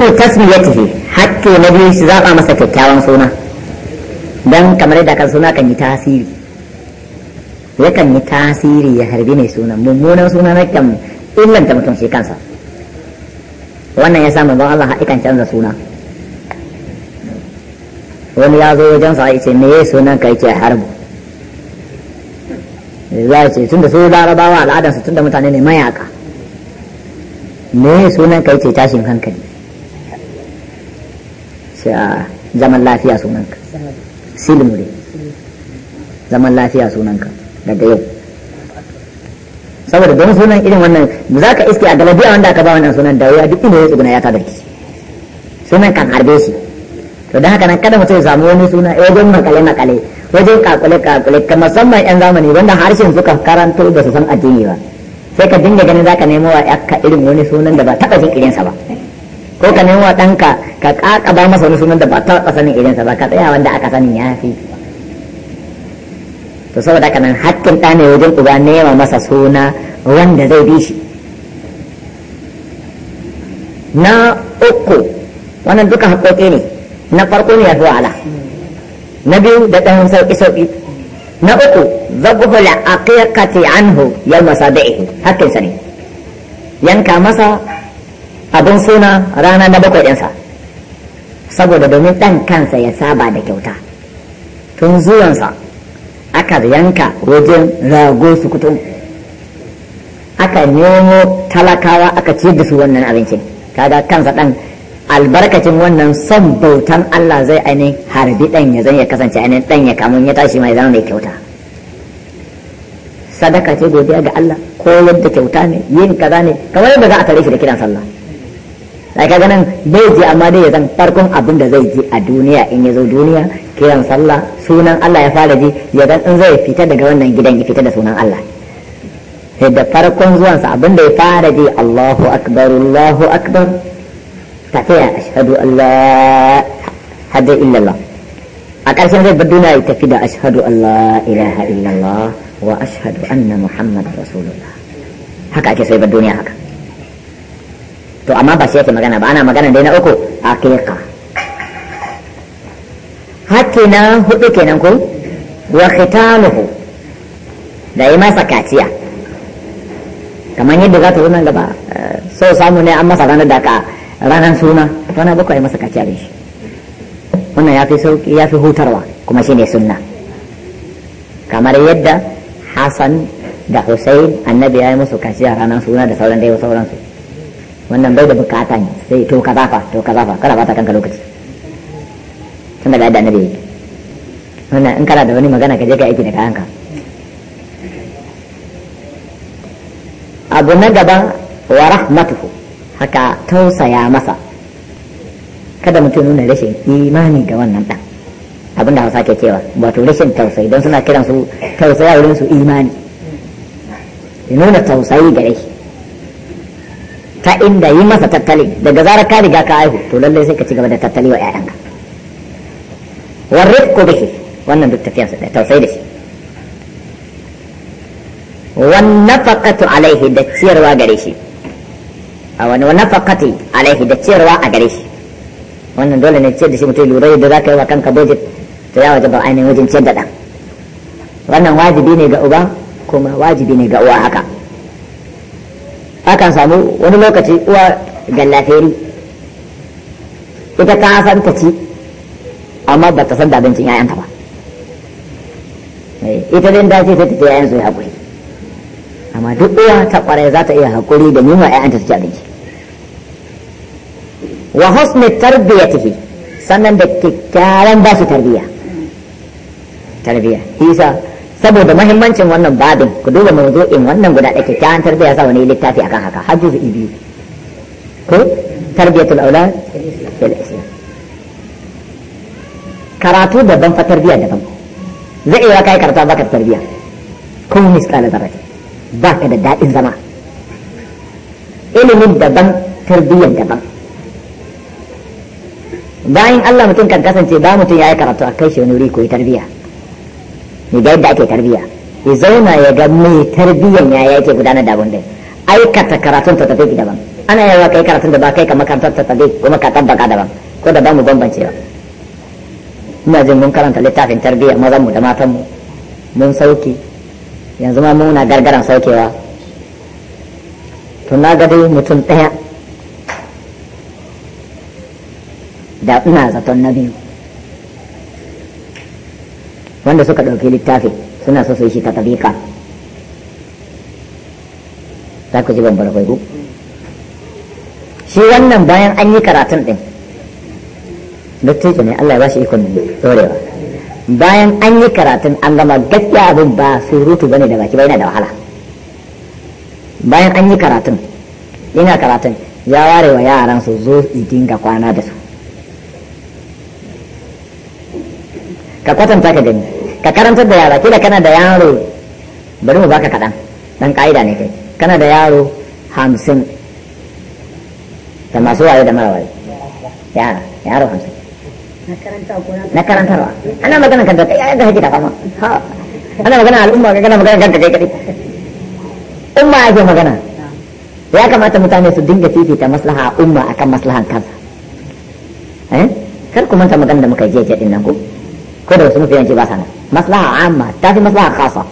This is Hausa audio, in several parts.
ko tafi hakki na biyu shi zaba masa kyakkyawan suna dan kamar da kan suna kan yi tasiri yakan yi tasiri ya harbi mai suna mummunan suna na kan illanta mutum shi kansa wannan ya samu ba Allah haƙiƙan canza suna wani ya zo wajen sa ce me yayi sunan ka yake harbu za ce tunda su larabawa al'adansu tunda mutane ne mayaka me yayi sunan ka yake tashin hankali zaman lafiya sunanka silmu ne zaman lafiya sunanka daga yau saboda don sunan irin wannan za ka iske a a wanda aka ba wannan sunan da wuya duk inda ya tsuguna ya ta daki sunan kan harbe shi to don haka nan kada mutum ya samu wani suna eh, wajen makale makale wajen kakule kakule ka musamman yan zamani wanda harshen suka karanto da su san addini ba sai ka dinga ganin za ka nemo wa yakka irin wani sunan da ba taɓa jin irinsa ba ko ka nemo ɗanka ka ba masa wani sunan da ba ta taɓa sanin irinsa ba ka tsaya wanda aka sanin ya fi to saboda haka nan hakkin ɗa ne wajen uba nema masa suna wanda zai bi shi na uku wannan duka haƙoƙi ne na farko ne ya fi wahala na biyu da ɗan sauƙi sauƙi na uku zagubula aqiqati anhu yau masa da'i haƙƙinsa ne yanka masa abin suna rana na bakwai ɗinsa saboda domin ɗan kansa ya saba da kyauta tun zuwansa aka yanka wajen rago su kutu aka nemo talakawa aka ci da su wannan abincin kaga kansa ɗan albarkacin wannan son bautan Allah zai ainihin harbi ɗan ya zai ya kasance ainihin ɗan ya kamun ya tashi mai zama mai kyauta sadaka ce godiya ga Allah ko yadda kyauta ne yin kaza ne kamar yadda za a tare shi da kiran sallah sai ka ganin bai je amma dai ya zan farkon abin da zai ji a duniya in ya zo duniya kiran sallah sunan Allah ya fara ji ya zan in zai fita daga wannan gidan ya fita da sunan Allah sai da farkon zuwansa abin da ya fara ji Allahu akbar Allahu akbar tafiya ashhadu an la hada illallah a ƙarshen zai bar duniya ya tafi da ashhadu an la ilaha illallah wa ashhadu anna muhammad rasulullah haka ake so ya bar duniya haka to amma ba shi yake magana ba ana magana dai na uku haƙiƙa hakki na hudu kenan ko wa khitanuhu da yi masa kaciya kamar yadda za ta zo nan gaba eh, so samu ne an masa ranar da ka ranar suna rana bakwai masa kaciya da shi wannan ya fi sauki ya fi hutarwa kuma shine sunna kamar yadda hasan da hussein annabi ya yi musu kaciya ranar suna da sauran dai sauransu wannan bai da bukata ne sai to ka fa to kaza fa kana bata kanka lokaci tunda ga yadda annabi yake wannan in kana da wani magana ka je ka aiki da kayanka abu na gaba wa rahmatuhu haka tausaya masa kada mutum nuna rashin imani ga wannan dan abin da hausa ke cewa wato rashin tausayi don suna kiran su tausaya wurin su imani nuna tausayi gare shi ta inda yi masa tattali daga zarar ka riga ka aihu to lallai sai ka ci gaba da tattali wa ƴaƴanka ko bihi wannan duk tafiyansa da tausayi da shi nafaqatu alaihi da ciyarwa gare shi a wani nafaqati alaihi da ciyarwa a gare shi wannan dole ne ciyar da shi mutum lura da zaka yi wa kanka budget to ya ba ainihin wajen ciyar da ɗan wannan wajibi ne ga uba kuma wajibi ne ga uwa haka akan samu wani lokaci uwa gallaferi ita ka san ta ci amma ba ta san da abincin eh, ta ba ita din dace ta tafi 'ya'yan su ya haƙuri amma duk uwa ta ƙwarai za ta iya haƙuri da yunwa 'ya'yanta su ci abinci wa husni tarbiyatihi sannan da kyakkyawan ba su tarbiya tarbiya? isa saboda mahimmancin wannan babin ku duba mawdu'in wannan guda da kyakkyawan tarbiyya sa wani littafi akan haka har juz'i biyu ko tarbiyatul aulad da islam karatu daban fa tarbiyya daban zai iya kai karatu baka tarbiyya ko misqala darati baka da dadin zama ilimin daban tarbiyyar daban bayan Allah mutum kan kasance ba mutum ya yi karatu a kai shi wani wuri ko tarbiyya ga yadda ake tarbiyya ya zauna ya ga mai tarbiyan ya yake gudanar da abin aikata karatun ta tafi daban ana yawa kai karatun da ba kai kamar karatun ta tafi kuma ka tabbaka daban ko da ba mu ba ina jin mun karanta littafin tarbiyya mazan mu da matan mu mun sauki yanzu ma muna gargaran saukewa to na ga dai mutum ɗaya da ina zaton na biyu wanda suka ɗauki littafi suna so su yi shi ta tabiƙa za ku ji bambara kwaiku shi wannan bayan an yi karatun ɗin dattijo ne Allah ya bashi ikon dorewa bayan an yi karatun an gama gaskiya abin ba surutu bane da baki ba yana da wahala bayan an yi karatun ina karatun ya ware wa yaran su zo dinga kwana da su ka kwatanta ka gani ka karantar da yara kila kana da yaro bari mu baka kaɗan dan ka'ida ne kai kana da yaro hamsin da masu waye da mara waye yara yaro hamsin na karantarwa ana magana kan kai ya gaji da fama ana magana al'umma ga gana magana kan kai kadai umma ake magana ya kamata mutane su dinga fifita maslaha umma akan maslahan kansa eh kar ku manta magana da muka je je din nan ko ko da wasu musulunci ba sana maslaha amma ta fi maslaha khasa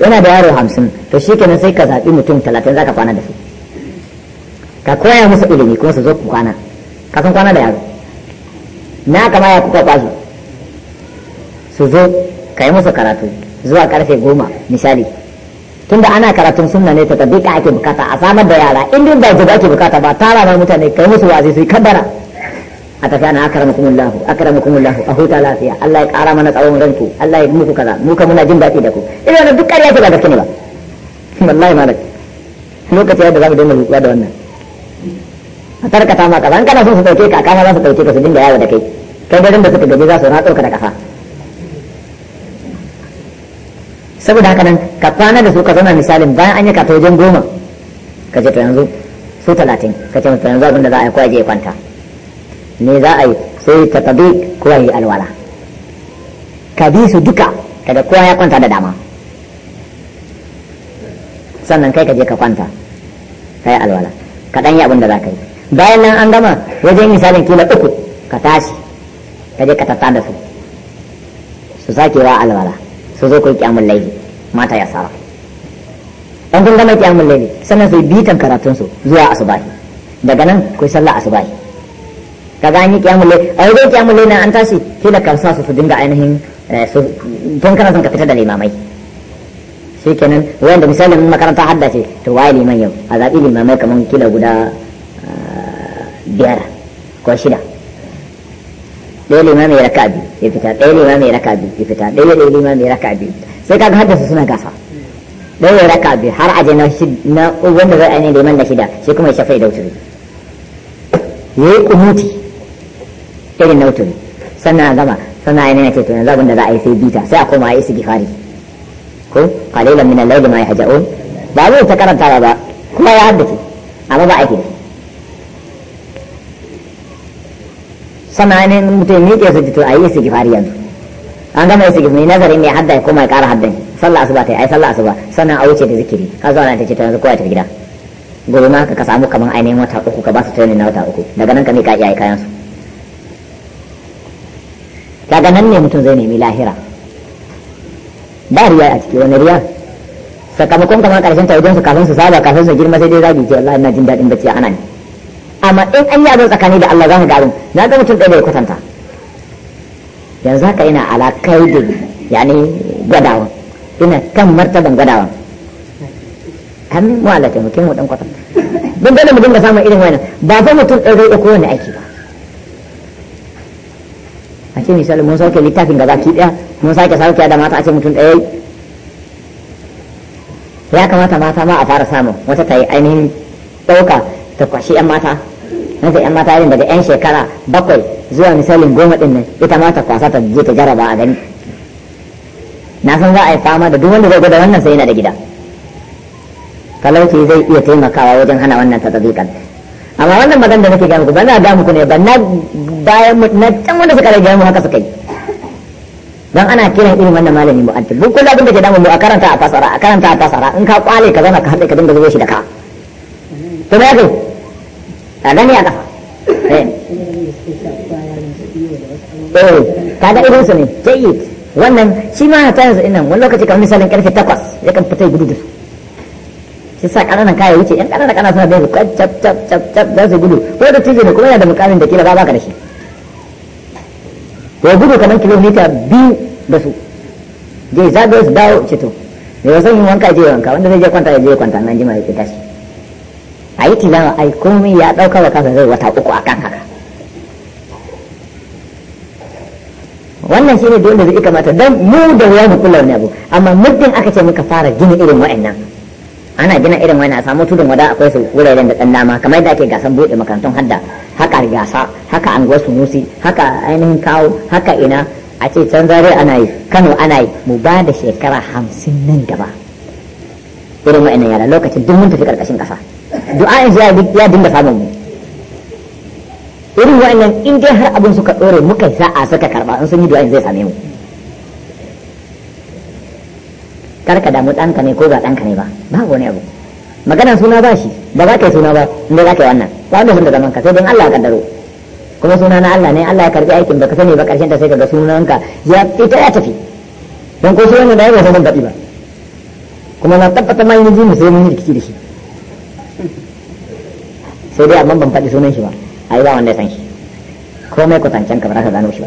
yana da yaro hamsin to shi kenan sai ka zaɓi mutum talatin za ka kwana da su ka koya musu ilimi kuma su zo ku kwana ka san kwana da yaro na kama ya kuka kwazo su zo ka yi musu karatu zuwa karfe goma misali tunda ana karatun sunna ne ta tabbika ake bukata a samar da yara in duk ba ake bukata ba tara na mutane kai musu wazi su yi kaddara a tafi ana akramakum Allah akramukum Allah a huta lafiya Allah ya kara mana tsawon ranku Allah ya muku kaza mu ka muna jin daɗi da ku idan duk ƙarya ce ba gaske ne ba wallahi malak lokaci yadda mu dinga rubuwa da wannan a tarkata ma kaza an kana son su dauke ka kama za su dauke ka su dinga yawo da kai kai dai da suka gaji za su na tsoka da kafa saboda haka nan ka kwana da su ka zama misalin bayan an yi ka ta wajen goma ka ce ta yanzu su talatin ka ce musu yanzu za a yi kwaje ya kwanta me za a yi sai ta tabi kowa yi alwala ka bi su duka kada kowa ya kwanta da dama sannan kai ka je ka kwanta ka yi alwala ka ɗan yi abin da za ka yi bayan nan an gama wajen misalin kila uku ka tashi ka je ka tatta da su su sake wa alwala su zo kai kyamun laifi mata ya sara an kun gama kyamun laifi sannan su bitan bitan karatunsu zuwa asubahi daga nan ku yi sallah asubahi kaga an yi kiyamul a ai dai kiyamul na an tashi kila kan sa su su dinga ainihin eh, su tun kana son ka fita da limamai kenan wanda misalin makaranta haddace to waye liman yau a zaɓi limamai kamar kila guda eh, biyar ko shida ɗaya limami ya raka biyu ya fita ɗaya limami ya raka biyu ya fita ɗaya ɗaya limami ya raka biyu sai kaga haddasa suna gasa ɗaya ya raka biyu har aje na na wanda zai ainihin liman da shida shi kuma ya shafa da wuturi ya yi kunuti irin na wuturi sannan a gama sannan a yana ce to zagun da za a yi sai bita sai a koma a yi su gifari ko kalilan min ma ya ma o ba zai ta karanta ba kuma ya haddace amma ba ake da shi samanin mutum miƙe su jito a yi su gifari yanzu an gama yi su gifari nazarin ne hadda ya koma ya ƙara haddan sallah asuba ta yi ai sallah asuba sannan a wuce da zikiri ka ana ta ce ta yanzu kowa ta gida gobe ma ka samu kamar ainihin wata uku ka ba su tuni na wata uku daga nan ka miƙa iyaye kayan su kaga nan ne mutum zai nemi lahira ba riya a ciki wani riya sakamakon kamar karshen ta wajen su kafin su saba kafin su girma sai dai zagi ce Allah ina jin daɗin bacci a anan amma in an yi tsakani da Allah za ka ga na ga mutum ɗaya bai kwatanta yanzu haka ina ala da yani gwadawa ina kan martaban gwadawa kan mu Allah taimake mu dan kwatanta don dole mu dinga samun irin wannan ba fa mutum ɗaya zai iya kowane aiki ba a ce misali mun sauke littafin gaba baki daya mun sake sauke da mata a ce mutum daya ya kamata mata ma a fara samun wata ta yi ainihin ɗauka ta kwashi 'yan mata nasa 'yan mata yin daga 'yan shekara bakwai zuwa misalin goma ɗin nan ita ma ta kwasa ta je ta jaraba a gani na san za a yi fama da duk wanda zai gwada wannan sai yana da gida talauci zai iya taimakawa wajen hana wannan ta amma wannan magana da nake gaya muku ba na ga muku ne ba na bayan na can wanda suka rage mu haka suka yi dan ana kiran irin wannan malami mu addu duk kullum da ke damu mu a karanta a fasara a karanta a fasara in ka kwale ka zama ka haɗe ka dinga zuwa shi da ka to me ka a gani a kafa eh, eh kada irin su ne jayyid wannan shi ma ta yanzu inan wani lokaci kamar misalin karfe 8 yakan fita gudu da su shi sa kananan kaya wuce yan kananan kana suna daidai kwan cap cap cap cap za su gudu ko da tije ne kuma yana da mukamin da kila ba baka da shi to gudu kamar kilomita biyu da su je zagaye su dawo ceto da wasan yin wanka je wanka wanda zai je kwanta ya je kwanta nan jima ya fita shi a yi tilawa ai komai ya ɗauka wa kasa zai wata uku a kan haka wannan shi ne dole da ya kamata don mu da wani mu kula wani abu amma muddin aka ce muka fara gini irin wa'annan ana gina irin wani a samu tudun wada akwai su wuraren da dan dama kamar yadda ake gasar bude makarantun hadda haka gasa haka anguwar musi haka ainihin kawo haka ina a ce can zare ana yi kano ana yi mu ba da shekara hamsin nan gaba irin wa'annan yara lokacin duk mun tafi karkashin kasa du'a in ya dinga samun mu irin wa'annan in dai har abin suka ɗore muka sa'a suka karɓa in sun yi du'a zai same mu kar ka damu ɗanka ne ko ba ɗanka ne ba ba wani abu magana suna ba shi ba za ka yi suna ba inda za ka yi wannan ba wanda sun da zaman ka sai don Allah ya kaddaro kuma suna na Allah ne Allah ya karbi aikin ka sani ba karshen ta sai ka ga ka ya ita ya tafi don ko sunan da ya ba san gabi ba kuma na tabbata ma yin jini sai mun yi rikici da shi sai dai amma ban faɗi sunan shi ba ai ba wanda ya san shi komai kwatancen ka ba za ka gano shi ba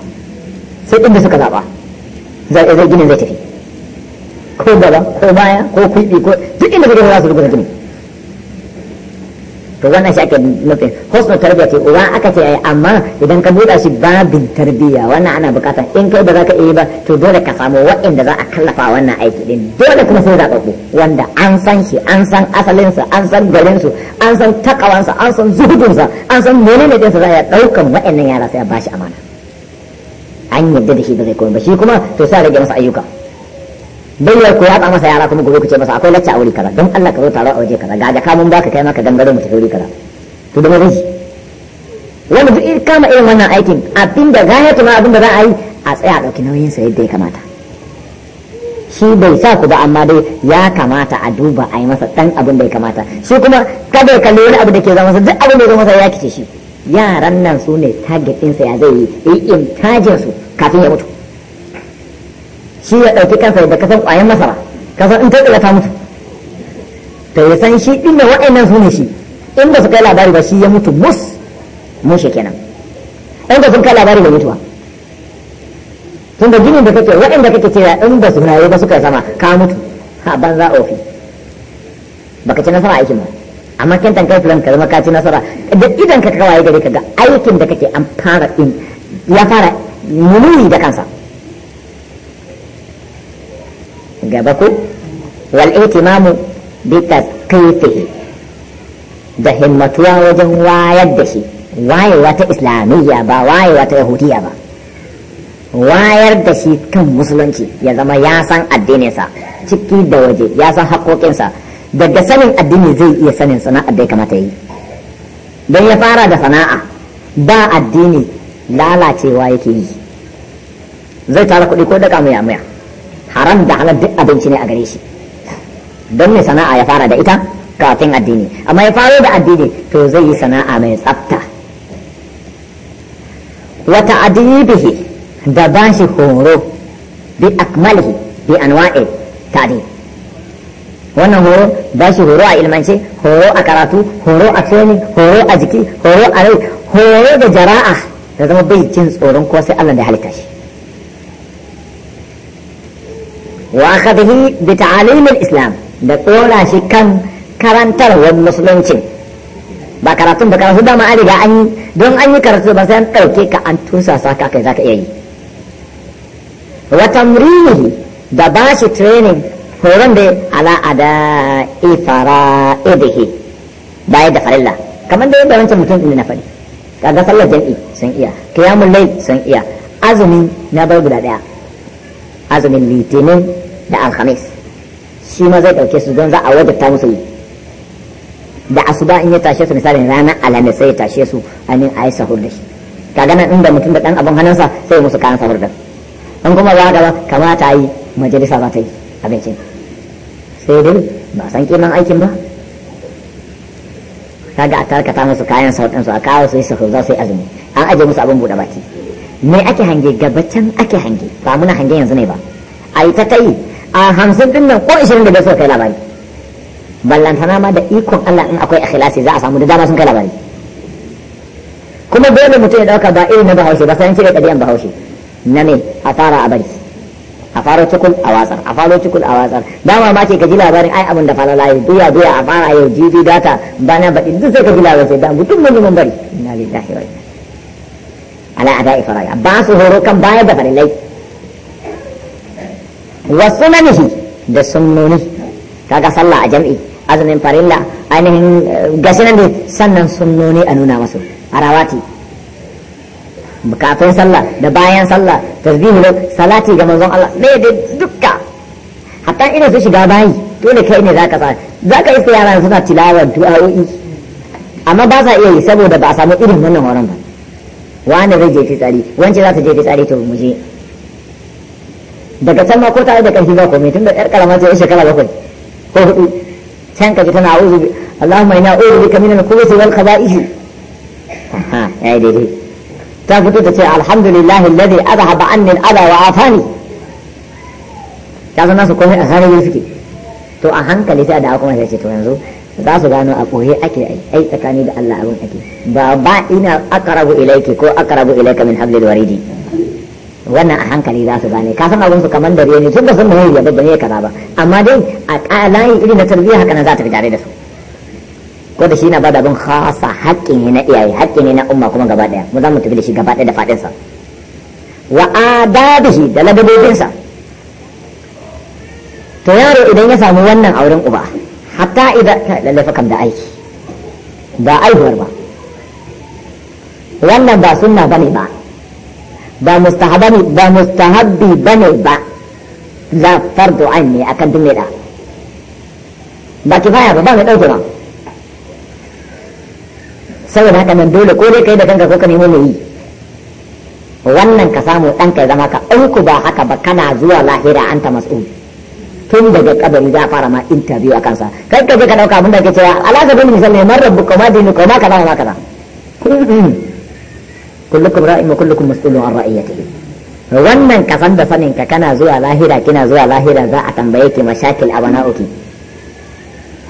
sai inda suka zaba zai zai eh, ginin zai tafi ko gaba ko baya ko kuɗi ko duk inda suka za su rubuta gini to wannan shi ake nufin husnul tarbiyya ce uwa aka ce ai amma idan ka buɗa shi babin tarbiyya wannan ana bukata in kai ba za ka iya ba to dole ka samu waɗanda za a kallafa wannan aiki din dole kuma sai zaɓaɓɓu wanda an san shi an san asalinsa an san garinsu an san takawansa an san zuhudunsa an san menene ɗinsa za a ɗaukan waɗannan yara sai a ba bashi amana an yadda da shi ba zai komai ba shi kuma to sai rage masa ayyuka bayyar ku ya ba masa yara kuma gobe ku ce masa akwai lacca a wuri kaza don Allah ka zo taro a waje kaza ga ga kamun baka kai maka dangare mu tafi wuri kaza to da mai shi wanda duk kama irin wannan aikin abinda gayatu ma abinda za a yi a tsaya a ɗauki nauyin sa yadda ya kamata shi bai sa ku ba amma dai ya kamata a duba a yi masa ɗan abin da ya kamata shi kuma kada ya kalli wani abu da ke zama duk abin da ya zama ya kice shi yaran nan su ne target ɗinsa ya zai yi yi tajin su kafin ya mutu shi ya ɗauki kansa da kasan ƙwayan masara kasan in ta ta mutu to ya san shi ɗin da waɗannan su ne shi in ba su kai labari ba shi ya mutu mus shi kenan in ba sun kai labari bai mutuwa tun da ginin da kake waɗanda kake cewa in ba su rayu ba suka sama ka mutu ban za ofi baka ci nasara aikin ba amma kin tanka fulan ka zama ka ci nasara da idan ka kawai gare ka ga aikin da kake an fara in ya fara muni da kansa gaba ku wal ihtimamu bi tasqifihi da himmatuwa wajen wayar da shi wayewa ta islamiyya ba wayewa ta yahudiyya ba wayar da shi kan musulunci ya zama ya san addininsa ciki da waje ya san haƙoƙinsa daga sanin addini zai iya sanin sana'ar da ya kamata yi don ya fara da sana'a ba addini lalacewa yake yi zai tara kuɗi ko daga muya muya haram da halar duk abinci ne a gare shi don mai sana'a ya fara da ita kafin addini amma ya faro da addini to zai yi sana'a mai tsafta wata adibihi da ba shi horo bi akmalihi bi anwa'i ta'dib wannan horo ba shi horo a ilmance horo a karatu horo a training horo a jiki horo a rai horo da jara'a da zama bai jin tsoron ko sai Allah da halitta shi wa akhadhi bi ta'alim al-islam da kora shi kan karantarwar musulunci ba karatun ba karatu ba ma an riga an don an yi karatu ba sai an dauke ka an tusa sa ka kai zaka iya yi wa tamrinihi da ba shi training horon da ala ada ifara idihi baya da farilla kamar da yadda wancan mutum ne na faɗi kaga sallar jam'i sun iya kiyamun lai sun iya azumi na bar guda ɗaya azumin litinin da alhamis shi ma zai ɗauke su don za a wajabta musu yi da asuba in ya tashe su misalin ranar alhamis sai ya tashe su anin a yi sahur da shi kaga nan inda mutum da ɗan abin hannunsa sai musu kayan sahur da in kuma za ka ba kamata yi majalisa za ta yi abincin sai dai ba san kiman aikin ba kaga a tarkata musu kayan sautin su a kawo su su za su azumi an aje musu abin buɗe baki me ake hange gabacin ake hange ba muna hange yanzu ne ba a yi ta kai a hamsin din nan ko ishirin da bai so kai labari ballantana ma da ikon Allah in akwai ikhlasi za a samu da dama sun kai labari kuma dole mutum ya dauka ba irin na bahaushe ba sai an cire ɗabi'an bahaushe na ne a fara a bari a faro cikul a watsar a faro cikul a watsar dama ma ce ka ji labarin ai abin da fara layi duya duya a fara yau jibi data bana baɗi duk sai ka ji labarin sai da mutum mun mun bari inna lillahi wa inna ala ada ifaraya ba su horo kan baya da farilai wa sunanihi da sunnoni kaga sallah a jam'i azumin farilla ainihin eh, gashi nan sannan sunnoni a nuna masu arawati kafin sallah da bayan sallah tasbihu salati ga manzon Allah ne da dukka hatta ina su shiga bayi ne kai ne zaka tsaya zaka iska yaran suna tilawar du'a'o'i amma ba sa iya yi saboda ba a samu irin wannan horon ba wani zai je tsari wance za ta je tsari to mu je daga can ma ko ta da karfi ba komai tun da yar karama ce shekara bakwai ko hudu can ka ji tana a'udhu Allahumma inna a'udhu bika minal khubuthi wal khaba'ith ha yayi daidai ta fito ta ce alhamdulillah alladhi azhaba anni ala wa afani ta zama su kome a sarari suke to a hankali sai a dawo kuma sai ce to yanzu za su gano a koye ake ai tsakani da Allah abin ake ba ba ina aqrabu ilayki ko aqrabu ilayka min hablil waridi wannan a hankali za su gane ka san abin su kamar dare ne tunda sun mu ya babba ne kaza ba amma dai a layin irin na tarbiyya haka nan za ta fi tare da su ko da shi na bada abin khasa haƙƙi ne na iyaye haƙƙi ne na umma kuma gaba ɗaya mu za mu tafi da shi gaba ɗaya da faɗinsa wa adabihi da ladabobinsa to yaro idan ya samu wannan auren uba hatta idan lalle fa kam da aiki ba aihuwar ba wannan ba sunna bane ba ba mustahabani ba mustahabbi bane ba la fardu ain ne akan dumeda da ba kifaya ba ba mai dauke ba saboda haka nan dole ko dai kai da kanka ko ka nemo mai yi wannan ka samu ɗan kai zama ka in ba haka ba kana zuwa lahira an anta mas'ul tun daga kabari za a fara ma interview a kansa kai ka je ka dauka abin da ke cewa alaka bin misali man rabbuka ma dinuka ma kaza ma kaza kullukum ra'in wa kullukum mas'ulun an ra'iyatihi wannan san da sanin ka kana zuwa lahira kina zuwa lahira za a tambaye ki mashakil abana uki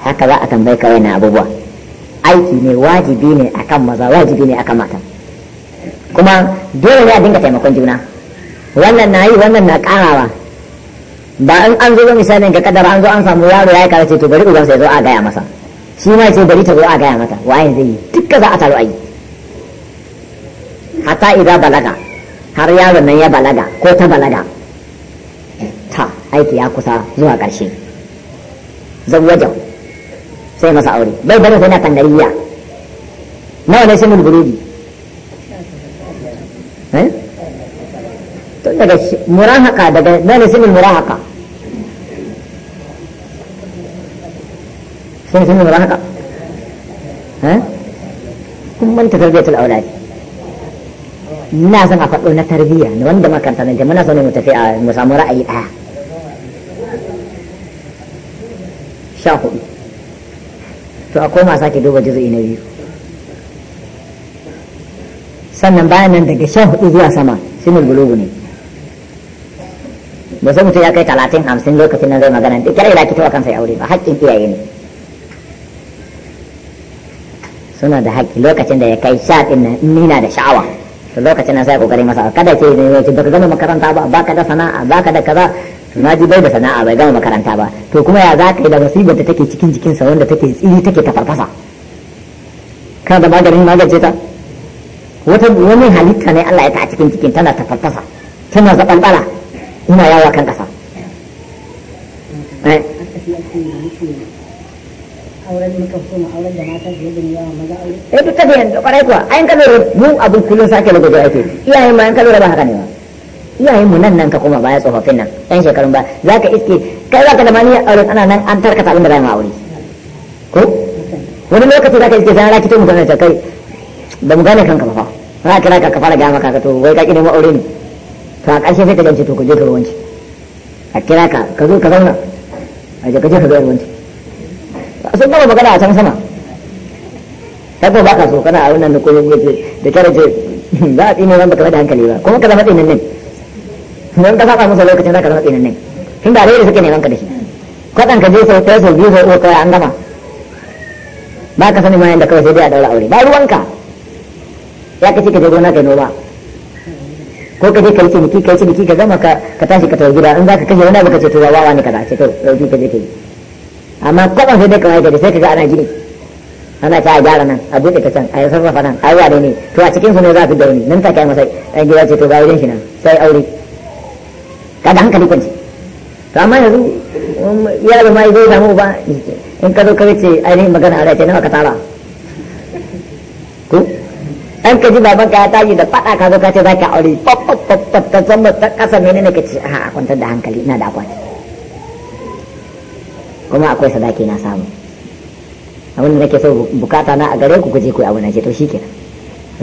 haka za a tambaye ka yana abubuwa aiki ne wajibi ne akan maza wajibi ne akan mata kuma dole ne a dinga taimakon juna wannan na yi wannan na karawa ba in an zo misalin ga kadara an zo an samu yaro ya karace to bari ubansa ya zo a gaya masa shi ma ce bari ta zo a gaya mata waye zai yi dukka za a taru a yi hatta idan balaga har yaron nan ya balaga ko ta balaga ta aiki ya kusa zuwa ƙarshe wajen sai masa aure bai bari sai na kandariya nawa ne shimin burudi eh? tun daga murahaka daga nawa ne murahaka sun shimin murahaka eh? kun manta tarbiyatul aulad ina son a faɗo na tarbiyya wanda makanta ne muna so ne mu tafi a mu samu ra'ayi ɗaya sha hudu to a koma sake duba juzu'i na biyu sannan bayan nan daga sha hudu zuwa sama simul bulugu ne ba sai mutum ya kai talatin hamsin lokacin nan zai magana duk kyar ila kitowa kansa ya aure ba haƙƙin iyaye ne suna da haƙƙi lokacin da ya kai sha ɗin nan nina da sha'awa to lokacin nan sai ƙoƙarin masa kada ke ne wace baka gama makaranta ba baka da sana'a baka da kaza na ji bai da sana'a bai gama makaranta ba to kuma ya za ka yi da masibar da take cikin jikinsa wanda take tsiri take ta farfasa kana da maganin magance ta wata wani halitta ne Allah ya ta a cikin jikin tana ta farfasa tana zaɓalɓala ina yawa kan ƙasa auren eh? muka koma auren da mata da yadda yawa maza aure eh duk kwarai kuwa ayin kalorin mu abun kullum sake na gobe ake iyayen ma kalorin ba haka ne ba iyayen mu nan nan ka koma baya tsofaffin nan yan shekarun ba za ka iske kai za ka da maniyar aure ana nan an tarkata abin da za mu aure ko wani lokaci za ka iske sai raki to mu gane kai ba mu gane kanka ba fa za ka raka ka fara gama ka to wai ka kidin aure ne to a ƙarshe sai ka gance to ka je ka ruwanci a kira ka ka zo ka zauna a je ka je ka ga ruwanci sun gama magana a can sama kai ko ka so kana a wannan da koyo da kyara ce za a tsine ran baka da hankali ba kuma ka zama tsinin ne nan ka saba masa lokacin zaka zama tsinanne tun da alheri suke neman ka da shi kwatan ka je sau ɗaya sau biyu sau uku an gama ba ka sani ma yanda kawai sai dai a daura aure ba ruwanka ya kace ka je gona kai noma ko ka je ka yi ciniki ka yi ciniki ka gama ka tashi ka tafi gida in za ka kashe wani abu ka ce to wawa ne a ce to dauki ka je ka yi amma kwatan sai dai kawai da sai ka ga ana gini ana ta gyara nan a buɗe ta can a yi sarrafa nan a yi wa ne to a cikin su ne za a fi da wani nan ta kai masa ɗan gida ce to ga wurin shi nan sai aure kada hankali kwanci to amma yanzu um, yaro ma zai samu ba in ka zo ka wuce ainihin magana a race nawa ka tara ko an ka ji baban ka ya tashi da fada ka zo ka ce za ka aure ta pop san ta kasa menene ka ce a kwantar da hankali na da akwati kuma akwai sadaki na samu abin da nake so bukata na a gare ku kuje ku abu na ce to shi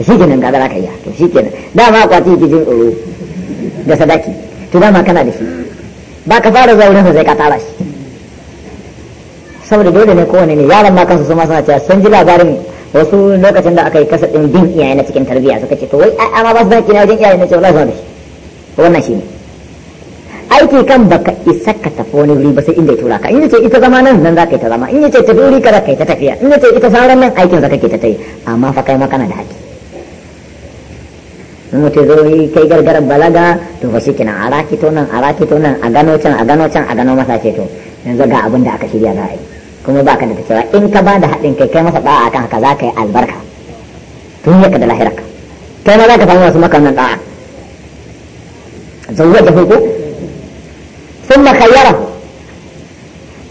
shikenan to shi shikenan ga za ka iya to shikenan dama kwati yake jin oh, tsoro da sadaki to ma kana da shi ba ka fara zaurin sa sai ka tara shi saboda dole ne kowane ne yaran ma kansu suma suna cewa sun ji labarin wasu lokacin da aka yi kasa din bin iyaye na cikin tarbiyya suka ce to wai ai amma ba su zaki na wajen iyaye na ce wallahi da shi wannan shi ne aiki kan baka isa ka tafi wani wuri ba sai inda ya tura ka in yace ita zama nan nan ka yi ta zama in yace tafi wuri ka ka yi ta tafiya in yace ita sauran nan aikin ka ke ta ta yi amma fa kai ma kana da haƙƙi in mutum zo yi kai gargaran balaga to ba shi kina a to nan a to nan a gano can a gano can a gano masa ce to yanzu ga abin da aka shirya za a yi kuma ka da cewa in ka ba da haɗin kai kai masa da'a kan haka za ka yi albarka tun yaka da lahirarka kai ma za ka samu wasu makamman da'a zauwa da hukuku sun makayyara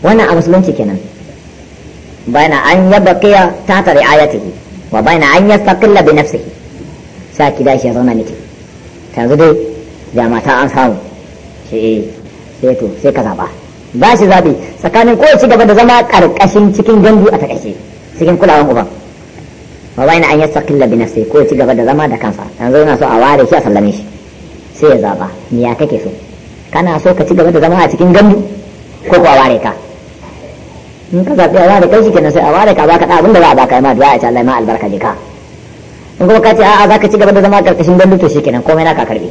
wannan a musulunci kenan bayan an yabba kiya ta tare ayatihi wa bayan an yastaqilla bi nafsihi sai ki dashi ya zauna miki yanzu dai da mata an samu ce sai to sai ka zaba ba shi zabi tsakanin ko ci gaba da zama karkashin cikin gandu a takaice cikin kulawan uban wa bayna an yastaqilla bi nafsi ko ci gaba da zama da kansa yanzu yana so a ware shi a sallame shi sai ya zaba me ya kake so kana so ka ci gaba da zama a cikin gandu ko ko a ware ka in ka zabi a ware kai shi kenan sai a ware ka baka da abin da za a baka ma du'a ya ce Allah ma albarka jika in kuma ka ce a'a za ka ci gaba da zama karkashin gandu to shi kenan komai naka karbe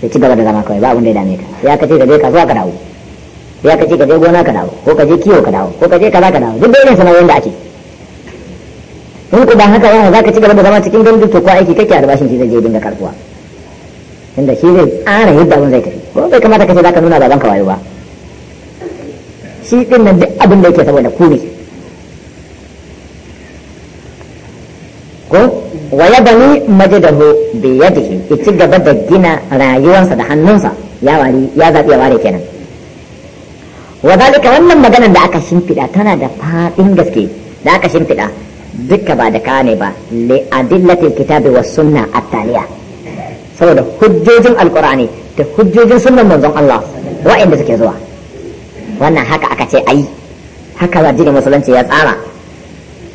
sai ci gaba da zama kawai ba abin da ya dame ka ya ka ce ka je kasuwa ka dawo ya ka ce ka je gona ka dawo ko ka je kiwo ka dawo ko ka je kaza ka dawo duk da irin sana'o'in da ake in ku ba haka yana za ka ci gaba da zama cikin gandu to ko aiki kake albashin shi zai je dinga karbuwa tunda shi zai tsara yadda abin zai tafi ko bai kamata ka ce za ka nuna ka wayo ba shi din nan duk abin da yake saboda kuri ko wa ya bani majadahu bi yadihi ya ci gaba da gina rayuwarsa da hannunsa ya wari ya zaɓi ya ware kenan wa zalika wannan maganar da aka shimfiɗa tana da faɗin gaske da aka shimfiɗa duka ba da ne ba li adillatil kitabi wa sunna attaliya saboda hujjojin alqur'ani da hujjojin sunnan manzon Allah wa'anda suke zuwa wannan haka aka ce ai haka wajibin musulunci ya tsara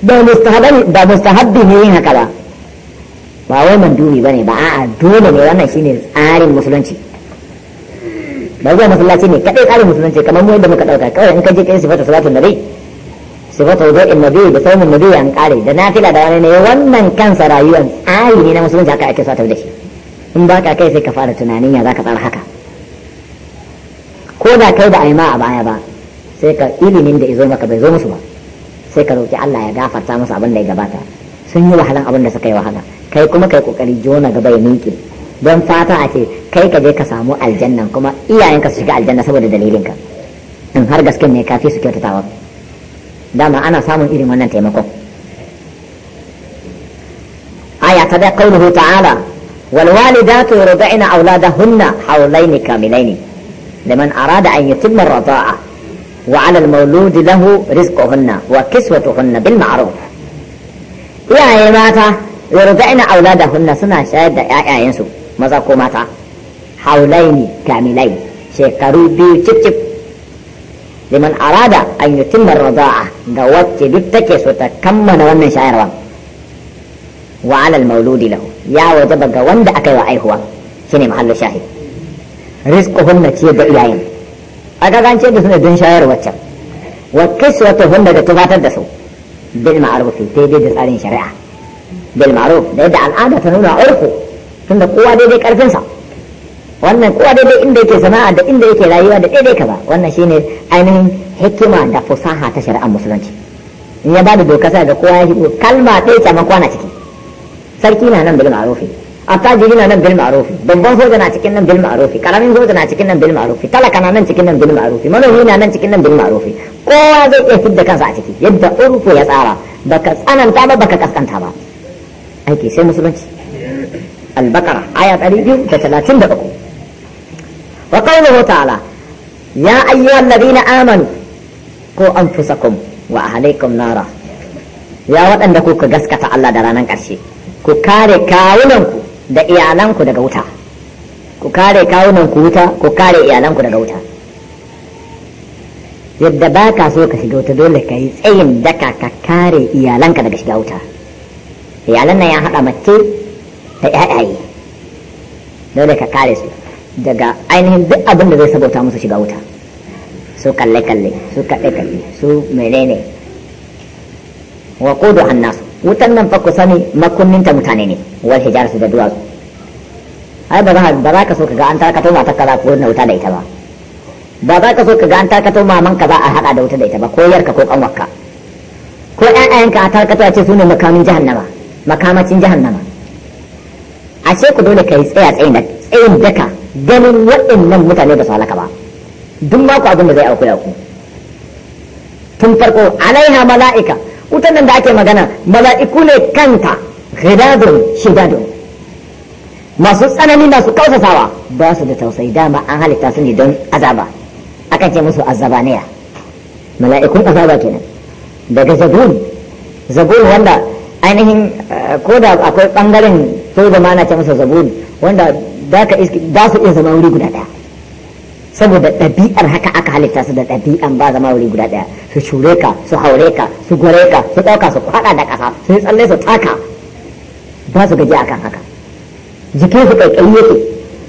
ba mustahabbi ne yin haka ba ba wai dubi ba ne ba a'a dole ne wannan shine tsarin musulunci ba zuwa masallaci ne kadai tsarin musulunci kamar mu yadda muka dauka kawai in ka je kai sifatu salatun nabi sifatu wudu'in nabi da saumin nabi an kare da nafila da wani ne wannan kansa rayuwar tsari ne na musulunci haka ake so da shi in ba ka kai sai ka fara tunanin ya ka tsara haka ko da kai da aima a baya ba sai ka ilimin da izo maka bai zo musu ba sai ka roki Allah ya gafarta masa abin da ya gabata sun yi wahalan abin da suka yi wahala kai kuma kai kokari jona gaba ya miƙe don fata a ce kai ka je ka samu aljanna kuma iyayenka su shiga aljanna saboda dalilinka in har gaske ne kafi su kyautatawa dama ana samun irin wannan taimakon aya ta da qauluhu ta'ala wal walidatu yurda'ina auladahunna hawlaini kamilaini liman arada an yutimma ar-rida'a وعلى المولود له رزقهن وكسوتهن بالمعروف iyaye mata yurda'ina hunna suna shayar da ƴaƴayensu maza ko mata haulaini kamilai shekaru biyu cicif liman arada an yutimma rada'a ga wacce duk take so ta kammala wannan shayarwa wa alal mauludi lahu ya wajaba ga wanda aka yi wa aihuwa shine mahallu shahid rizquhunna ciyar da iyayen a gagance da suna don shayar waccan wa wata hunna da tubatar da su bil ma'ruf daidai da tsarin shari'a bil ma'aruf da yadda al'ada ta nuna urku tunda kowa daidai karfinsa wannan kowa daidai inda yake sana'a da inda yake rayuwa da daidai kaza wannan shine ainihin hikima da fusaha ta shari'ar musulunci in ya bada doka sai ga kowa ya shigo kalma ɗaya kyaman kwana ciki sarki na nan bil ma'aruf attajiri na nan bil ma'rufi babban soja na cikin nan bil ma'rufi karamin soja na cikin nan bil ma'rufi talaka na nan cikin nan bil ma'rufi manomi na nan cikin nan bil ma'rufi kowa zai iya fidda kansa a ciki yadda urfu ya tsara baka tsananta ba baka kaskanta ba aiki sai musulunci aya al-baqara aya 233 wa qawluhu ta'ala ya ayyuhalladhina amanu ko anfusakum wa ahlikum nara ya waɗanda ka gaskata Allah da ranar ƙarshe ku kare kawunanku da iyalanku daga wuta ku kare kawunan ku wuta ku kare iyalanku daga wuta yadda ba ka so ka shiga wuta dole ka yi tsayin daka ka kare iyalanka daga shiga wuta iyalan nan ya haɗa mace da ƴaƴaye dole ka kare su daga ainihin duk abin da zai sabota musu shiga wuta su kalle kalle su kalle kalle su menene wa kudu nasu. wutan nan fa ku sani ta mutane ne wal hijaratu da duwatsu ai ba za ka so ka ga an tarkato matar kaza ko na wuta da ita ba ba za ka so ka ga an tarkato maman kaza a haɗa da wuta da ita ba ko yarka ko kanwarka ko ƴaƴayenka a tarkato a ce sunan makamin jahannama makamacin jahannama a ce ku dole kai tsaya tsayin da tsayin daka ganin waɗannan mutane ba su halaka ba duk mako abin da zai auku ya ku tun farko alaiha mala'ika wutan nan da ake magana mala'iku ne kanta ghidadun shidadun masu tsanani masu kausasawa ba su da tausayi dama an halitta su ne don azaba akan ce musu azabaniya mala'ikun azaba kenan daga zabun zabun wanda ainihin eh, ko da akwai bangaren sai da mana ce musu zabun wanda da su iya zama wuri guda daya saboda ɗabi'ar haka aka halitta su da ɗabi'an ba zama wuri guda ɗaya su shure ka su haure ka su gore ka su ɗauka su kwaɗa da ƙasa su yi tsalle su taka ba su gaji akan haka jikin su ƙaiƙayi yake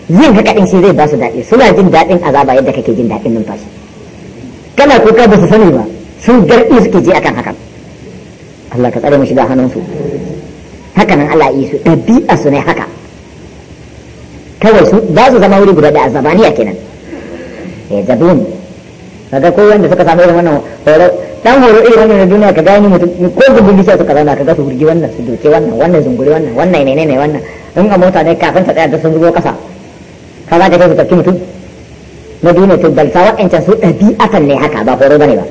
yin haka ɗin shi zai ba su daɗi suna jin daɗin azaba yadda kake jin daɗin numfashi kana kuka ba su sani ba sun garɗi suke ji akan haka. Allah ka tsare mu shiga hannunsu haka nan Allah yi su ɗabi'a su ne haka kawai su ba su zama wuri guda da azabaniya kenan ya eh, gadun kaga ko wanda suka samu irin wannan horo dan horo irin wannan duniya ka gani mutum ko gudun bisa suka zauna kaga su burgi wannan su doke wannan wannan zunguri wannan wannan ne ne ne wannan in a mota ne kafin ta tsaya da sun zubo kasa ka za ka kai su tafi mutum na duniya to balta wa'ancan su ɗabi'atan ne haka ba horo bane ba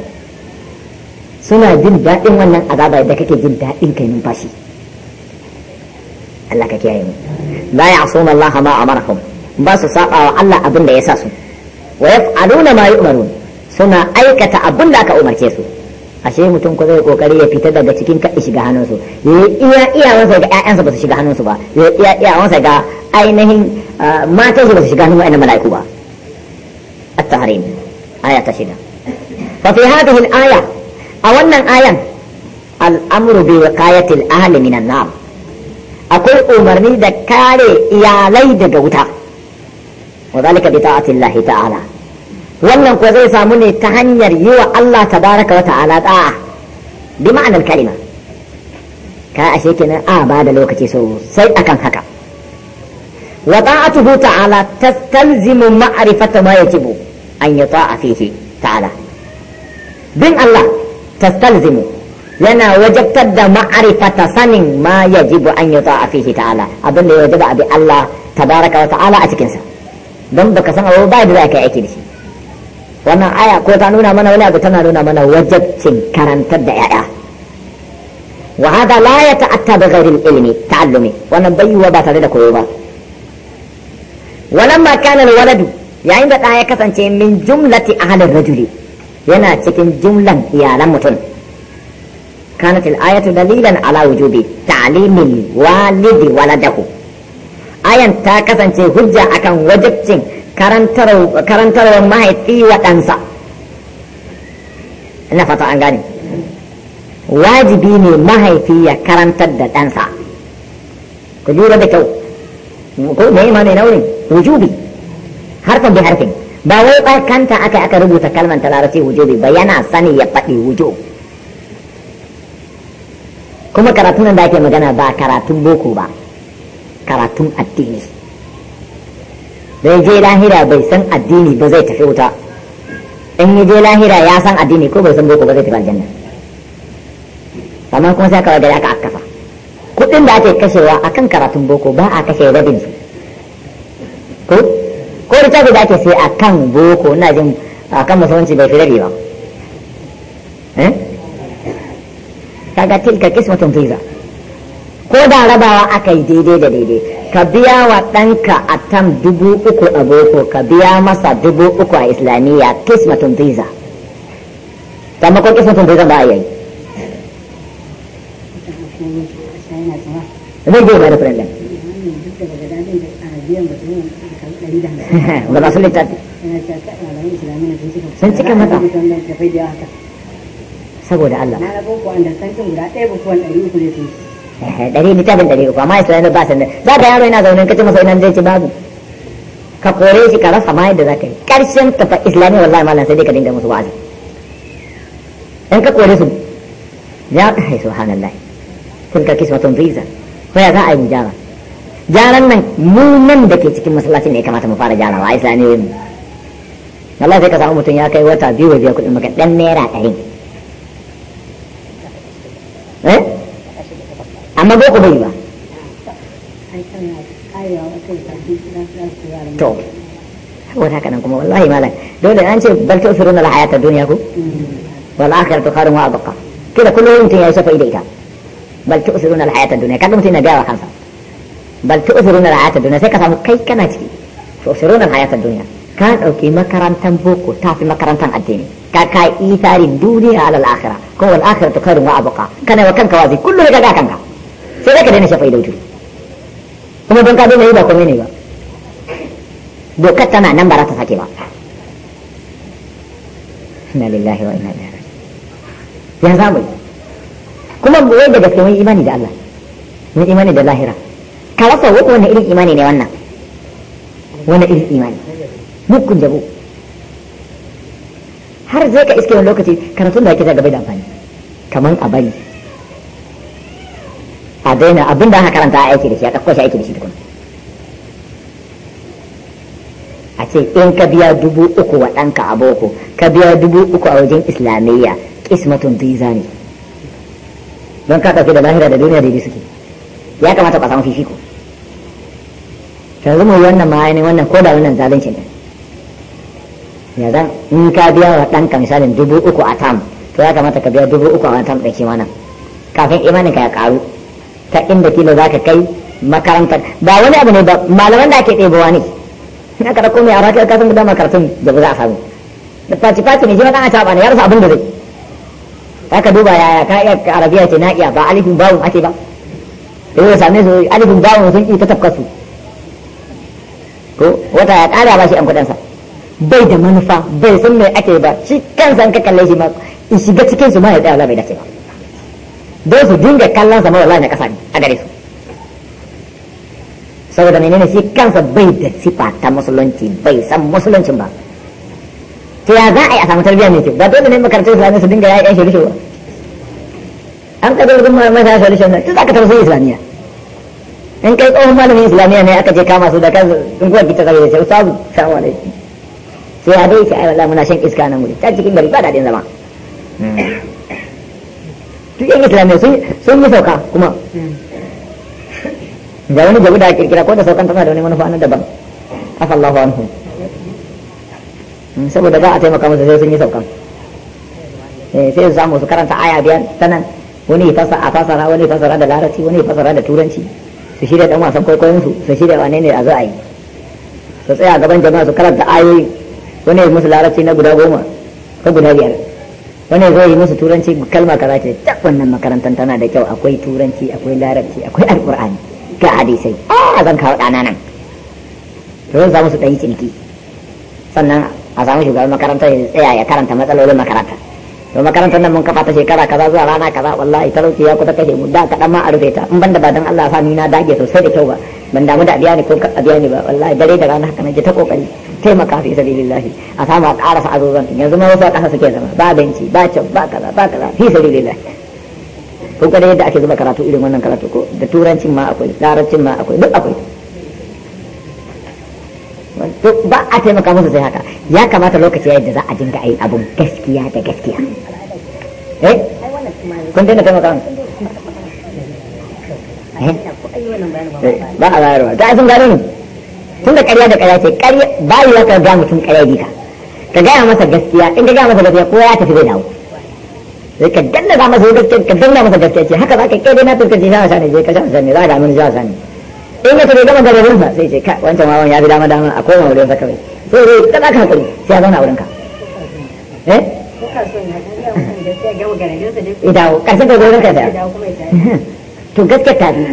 suna jin daɗin wannan azaba da kake jin daɗin kai numfashi Allah ka kiyaye mu la ya'suna Allah ma amarahum ba su saba wa Allah abin da ya sa su wa yaf'aluna ma yu'marun suna aikata abunda aka umarce su ashe mutum ko zai kokari ya fita daga cikin kaɗi shiga hannunsu ya iya iyawansa ga ƴaƴansa ba su shiga hannunsu ba ya iya iyawansa ga ainihin ah, matansu ba su shiga hannun wa'annan mala'iku ba aya ta shida fa fi hadhihi aya a wannan ayan al'amru amru bi wiqayati al-ahli minan akwai umarni da kare iyalai daga wuta wa zalika bi ta'ala wannan ko zai samu ne ta hanyar yi wa Allah tabaraka wa ta'ala da'a bi ma'anar kalima ka ashe kenan a ba da lokaci sosai akan haka wa ta'atuhu ta'ala tastalzimu ma'rifata ma yajibu an yata'a fihi ta'ala bin Allah tastalzimu yana wajabtar da ma'rifata sanin ma yajibu an yata'a fihi ta'ala abin da ya wajaba bi Allah tabaraka wa ta'ala a cikinsa sa don baka san abu ba da za ka yi aiki da shi wannan aya ko ta nuna mana wani abu tana nuna mana wajabcin karantar da 'ya'ya wa hada la ya ta'atta bi ghairi ilmi ta'allumi wannan bai ba tare da koyo ba walamma kana waladu yayin da ɗa ya kasance min jumlati ahli rajuli yana cikin jumlan iyalan mutum كانت dalilan دليلا على وجوب walidi waladahu. ولده ta kasance hujja akan وجبت karantarwar mahaifi waɗansa na fata an gane wajibi ne mahaifi ya karantar da ɗansa ku lura da kyau ko me ma mai nauyin wujubi harfin bi harfin ba wai barkanta aka aka rubuta kalmar talarasi wujubi ba yana sani ya faɗi wujo kuma karatun da ake magana ba karatun boko ba karatun addini da ya je lahira bai san addini ba zai tafi wuta in ya je lahira ya san addini ko bai san boko ba zai tafi aljanna amma kuma sai kawai gari aka akkafa kuɗin da ake kashewa akan karatun boko ba a kashe rabin su ko ko littafi da ake sai akan boko na jin akan musulunci bai fi rabi ba eh? kaga tilka kismatun fiza ko da rabawa aka yi daidai da daidai ka biya wa ɗanka a tam dubu uku a boko ka biya masa dubu uku a islamiyya kismatun visa sammakon kismatun visa ba a yayi zai je mai referendum ga masu littafi sun cika mata saboda Allah na rabo ko an da santin guda ɗaya bukuwan ɗari uku ne sun ɗari littafin ɗari uku amma isra'ila na sanda za ka yaro yana zaune kace masa ina zai ci babu ka kore shi ka rasa ma yadda za ka yi ƙarshen ka fa islami wallahi malam sai dai ka dinga musu wa'azi in ka kore su ya ka hai subhanallah kun ka kismatun visa ko ya za a yi jara, jaran nan mu nan da ke cikin masallacin ne kamata mu fara jara, wa islamiyoyin mu Allah sai ka samu mutum ya kai wata biyu biya kuɗin maka ɗan naira ɗari eh amma boko bai na to wani haka kuma wallahi malam dole an ce bal ta usuruna la hayata duniya ku wal akhiratu khairun wa abqa kida ita bal la hayata wa kansa bal la hayata sai ka samu kai kana ciki to la hayata ka makarantan boko ta fi makarantan addini ka ka itari duniya alal akhirah ko wal akhiratu khairun wa abqa kana wa kanka wazi kullu ga kanka sai za ka daina shafa'i da wuturi kuma don ka daina yi ba komai ne ba dokar tana nan ba za ta sake ba na lillahi wa ina ilaihi ya za mu yi kuma mu da gaske mun imani da Allah mun imani da lahira ka rasa wani irin imani ne wannan wani irin imani mukun jabo har zai ka iske wani lokaci karatun da ake zagabai gaba da amfani kamar a bari a daina abin da aka karanta a aiki da shi a ɗauko shi aiki da shi tukun a ce in ka biya dubu uku wa ɗanka a boko ka biya dubu uku a wajen islamiyya kismatun biza ne don ka ɗauki da lahira da duniya da suke ya kamata ka samu fifiko tanzu mu wannan ma ainihin wannan ko da wannan zalunci ne ya zan in ka biya wa ɗanka misalin dubu uku a tam to ya kamata ka biya dubu uku a wani tam ɗin kimanin kafin imanin ka ya ƙaru ta inda kilo za ka kai makarantar ba wani abu ne ba malaman da ake ɗebowa ne na ka ɗauko mai a rakiyar kasan gudan makarantun da ba za a samu da faci faci ne shi ma ɗan a caɓa ne ya rasa abin da zai ka duba yaya ka iya arabiya ce na iya ba alifin bawun ake ba da yau same su alifin bawun sun ƙi ta tafka su ko wata ya ƙara ba shi ɗan kuɗinsa bai da manufa bai san mai ake ba shi kansa in ka kalle shi ma in shiga cikin su ma ya tsaya za mai dace ba don su dinga kallon sa mawallahi na kasa ne a gare su saboda menene shi kansa bai da sifa ta musulunci bai san musuluncin ba to ya za a yi a samu tarbiyya mai kyau ba dole ne makarantar islamiyya su dinga yayin shi shirisho ba an ka zargin malamai sa shirisho nan tun za tarso tarsu islamiyya in kai tsohon malamin islamiyya ne aka je kama su da kansu kan unguwar gita zai sai ustazu salamu alaikum sai ya dai ce ai muna shan iska nan wuri ta cikin gari ba daɗin zama hmm. duk yan mutane sun yi sauka kuma hmm. ga wani jabu da a kirkira ko da saukan tana da wani manufa na daban afa Allahu anhu hmm, saboda ba a taimaka musu sai sun yi saukan eh, sai su samu su karanta aya biyar ta nan wani a fasara wani fasara da larabci wani fasara da turanci su shirya dan wasan kwaikwayon su su shirya wane ne a za a yi su tsaya gaban jama'a su karanta ayoyi wani musu larabci na guda goma ko guda biyar wani zo yi musu turanci kalma kaza ce ta wannan makarantar tana da kyau akwai turanci akwai larabci akwai alkur'ani ga hadisai a zan kawo ɗana nan to zan za su ɗan yi ciniki sannan a samu shugaban makarantar ya tsaya ya karanta matsalolin makaranta to makarantar nan mun kafa ta shekara kaza zuwa rana kaza wallahi talauci ya kusa kashe mu da kadan ma a rufe ta in ban da ba dan Allah sa ni na dage sosai da kyau ba ban damu da abiya ne ko abiya ne ba wallahi dare da rana haka naje ta kokari taimaka fi sabilillahi a samu a ƙarasa azuzan yanzu ma wasu a ƙasa suke zama ba benci ba can ba kaza ba kaza fi sabilillahi ko kada yadda ake zuba karatu irin wannan karatu ko da turancin ma akwai larabcin ma akwai duk akwai to ba a taimaka musu sai haka ya kamata lokaci yayin da za a dinga ayi abun gaskiya da gaskiya eh kun dinga taimaka eh? Eh, ba a bayar ba ta sun gano ni tun da ƙarya da ƙarya ce ƙarya ba yi ka ga mutum ƙarya bi ka ka gaya masa gaskiya in ka gaya masa gaskiya ko ya tafi zai dawo sai ka danna za masa gaskiya ka danna masa gaskiya ce haka za ka ƙere na turkaci sha wasa ne je ka sha sha ne za a damu ne sha sha ne in ya tafi gama gabarin sa sai ce kai wancan wawan ya fi dama dama a koma wurin sa kawai sai zai kada ka hakuri sai ya zauna a wurin ka eh idawo karshen ka wurin ka da to gaskiya ta bi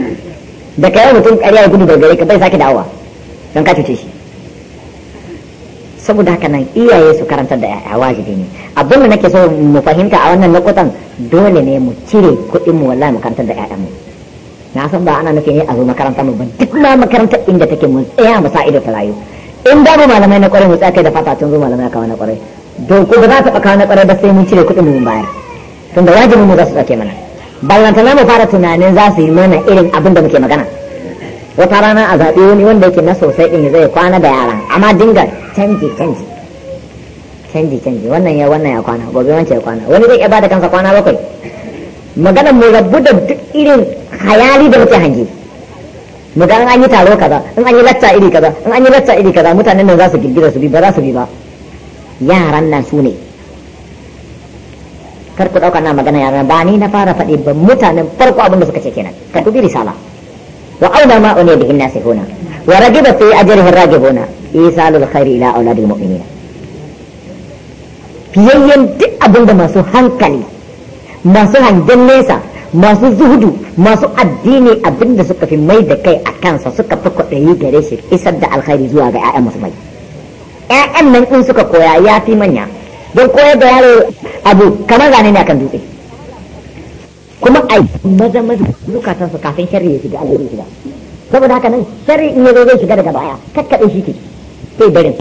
da kai mutum ƙarya ya gudu daga gare ka bai sake dawowa don ka cuce shi saboda haka nan iyaye su karantar da yaya wajibi ne abin da nake so mu fahimta a wannan lokutan dole ne mu cire kuɗin mu wallahi mu karantar da 'ya'yanmu mu na san ba ana nufin ne a zo makaranta mu ban duk ma makarantar inda take mun tsaya mu sa ido ta rayu in babu malamai na kwarai mu tsaya kai da fata tun zo malamai kawai na kwarai don ko ba za ta kawai na kwarai ba sai mun cire kuɗin mu bayar da wajibin mu za su tsake mana ta mu fara tunanin za su yi mana irin abin da muke magana wata rana a zaɓi wani wanda yake na sosai ɗin zai kwana da yaran amma dinga canji canji canji canji wannan ya wannan ya kwana gobe wancan ya kwana wani zai iya bada kansa kwana bakwai maganar mu rabu da duk irin hayali da muke hange mu ga an yi taro kaza in an yi latta iri kaza in an yi latta iri kaza mutanen nan za su girgiza su bi ba za su bi ba yaran nan su ne kar ku dauka na magana yaran ba ni na fara faɗi ba mutanen farko abin da suka ce kenan ka dubi risala wa auna ma ne bihin nasi huna wa ragiba fi ajrihi ragibuna isalul khairi ila auladil mu'minin fiyayyen duk abin da masu hankali masu hangen nesa masu zuhudu masu addini abinda suka fi mai da kai a kansa suka fi kwaɗayi gare shi isar da alkhairi zuwa ga 'ya'yan musulmai 'ya'yan nan in suka koya ya fi manya don koyar da yaro abu kamar zane ne akan dutse kuma ai maza maza zukatan su kafin sharri ya shiga alheri shiga saboda haka nan sharri in ya zo zai shiga daga baya kakkaɗe shi ke sai barin